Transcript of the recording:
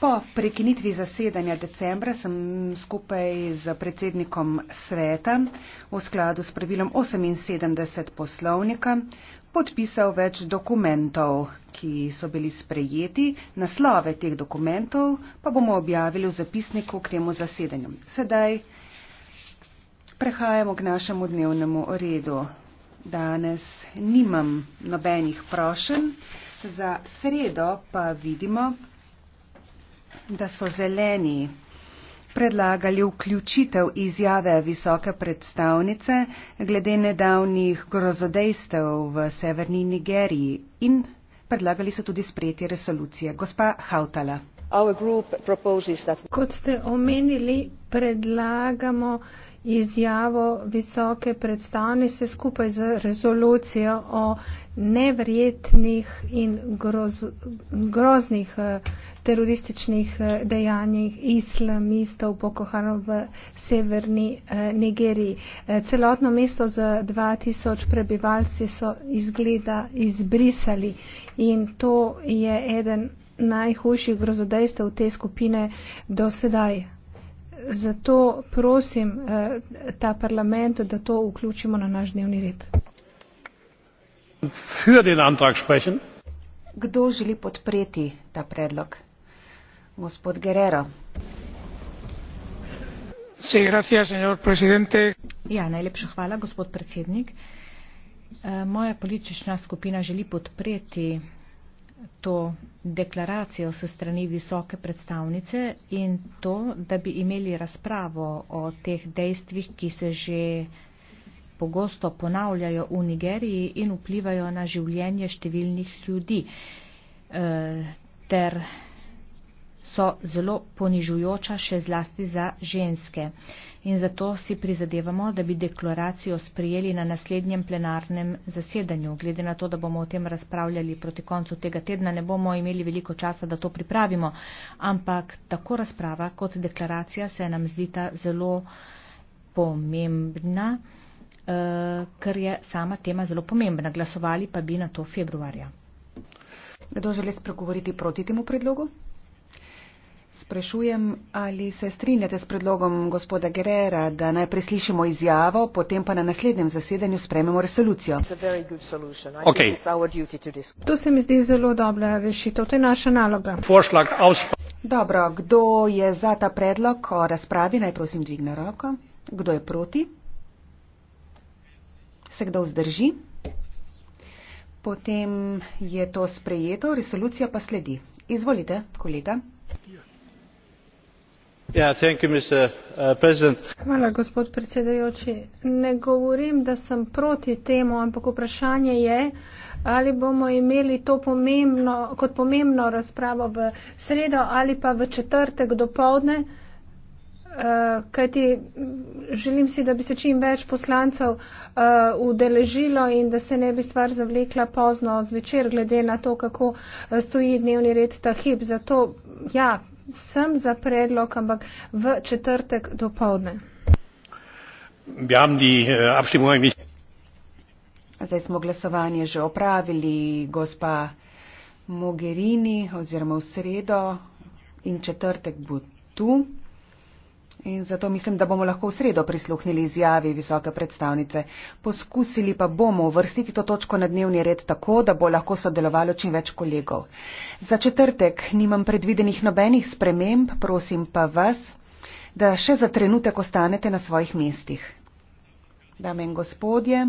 Po prekinitvi zasedanja decembra sem skupaj z predsednikom sveta v skladu s pravilom 78 poslovnika podpisal več dokumentov, ki so bili sprejeti. Naslove teh dokumentov pa bomo objavili v zapisniku k temu zasedanju. Sedaj prehajamo k našemu dnevnemu redu. Danes nimam nobenih prošen. Za sredo pa vidimo, da so zeleni predlagali vključitev izjave visoke predstavnice glede nedavnih grozodejstev v severni Nigeriji in predlagali so tudi sprejetje resolucije. Gospa Hautala kot ste omenili predlagamo izjavo visoke predstavnice skupaj z rezolucijo o neverjetnih in groz, groznih eh, terorističnih eh, dejanjih islamistov Boko Haram v severni eh, Nigeriji. Celotno mesto z 2000 prebivalci so izgleda izbrisali in to je eden najhujših grozodejstev te skupine do sedaj. Zato prosim eh, ta parlament, da to vključimo na naš dnevni red. Kdo želi podpreti ta predlog? Gospod Guerrero. Sí, gracias, ja, najlepša hvala, gospod predsednik. Eh, moja politična skupina želi podpreti to deklaracijo se strani visoke predstavnice in to, da bi imeli razpravo o teh dejstvih, ki se že pogosto ponavljajo v Nigeriji in vplivajo na življenje številnih ljudi, eh, ter so zelo ponižujoča še zlasti za ženske. In zato si prizadevamo, da bi deklaracijo sprijeli na naslednjem plenarnem zasedanju. Glede na to, da bomo o tem razpravljali proti koncu tega tedna, ne bomo imeli veliko časa, da to pripravimo. Ampak tako razprava kot deklaracija se nam zdita zelo pomembna, eh, ker je sama tema zelo pomembna. Glasovali pa bi na to februarja. Kdo želi spregovoriti proti temu predlogu? Sprašujem, ali se strinjate s predlogom gospoda Gerera, da najprej slišimo izjavo, potem pa na naslednjem zasedanju sprememo resolucijo. Okay. To se mi zdi zelo dobra rešitev, to je naša naloga. Dobro, kdo je za ta predlog o razpravi, naj prosim dvigne roko. Kdo je proti? Se kdo vzdrži? Potem je to sprejeto, resolucija pa sledi. Izvolite, kolega. Uh, ne govorim da sem proti temu ampak vprašanje je ali bomo imeli to pomembno, kot pomembno razpravo v sredo ali pa v četrtek dopoldne uh, kajti mm, želim si da bi se čim več poslancev uh, udeležilo in da se ne bi stvar zavlekla pozno zvečer glede na to kako stoji dnevni red ta hip zato ja sem za predlog, ampak v četrtek do povdne. Ja, eh, Zdaj smo glasovanje že opravili, gospa Mogherini, oziroma v sredo in četrtek bo tu. In zato mislim, da bomo lahko v sredo prisluhnili izjavi visoke predstavnice. Poskusili pa bomo vrstiti to točko na dnevni red tako, da bo lahko sodelovalo čim več kolegov. Za četrtek nimam predvidenih nobenih sprememb, prosim pa vas, da še za trenutek ostanete na svojih mestih. Dame in gospodje.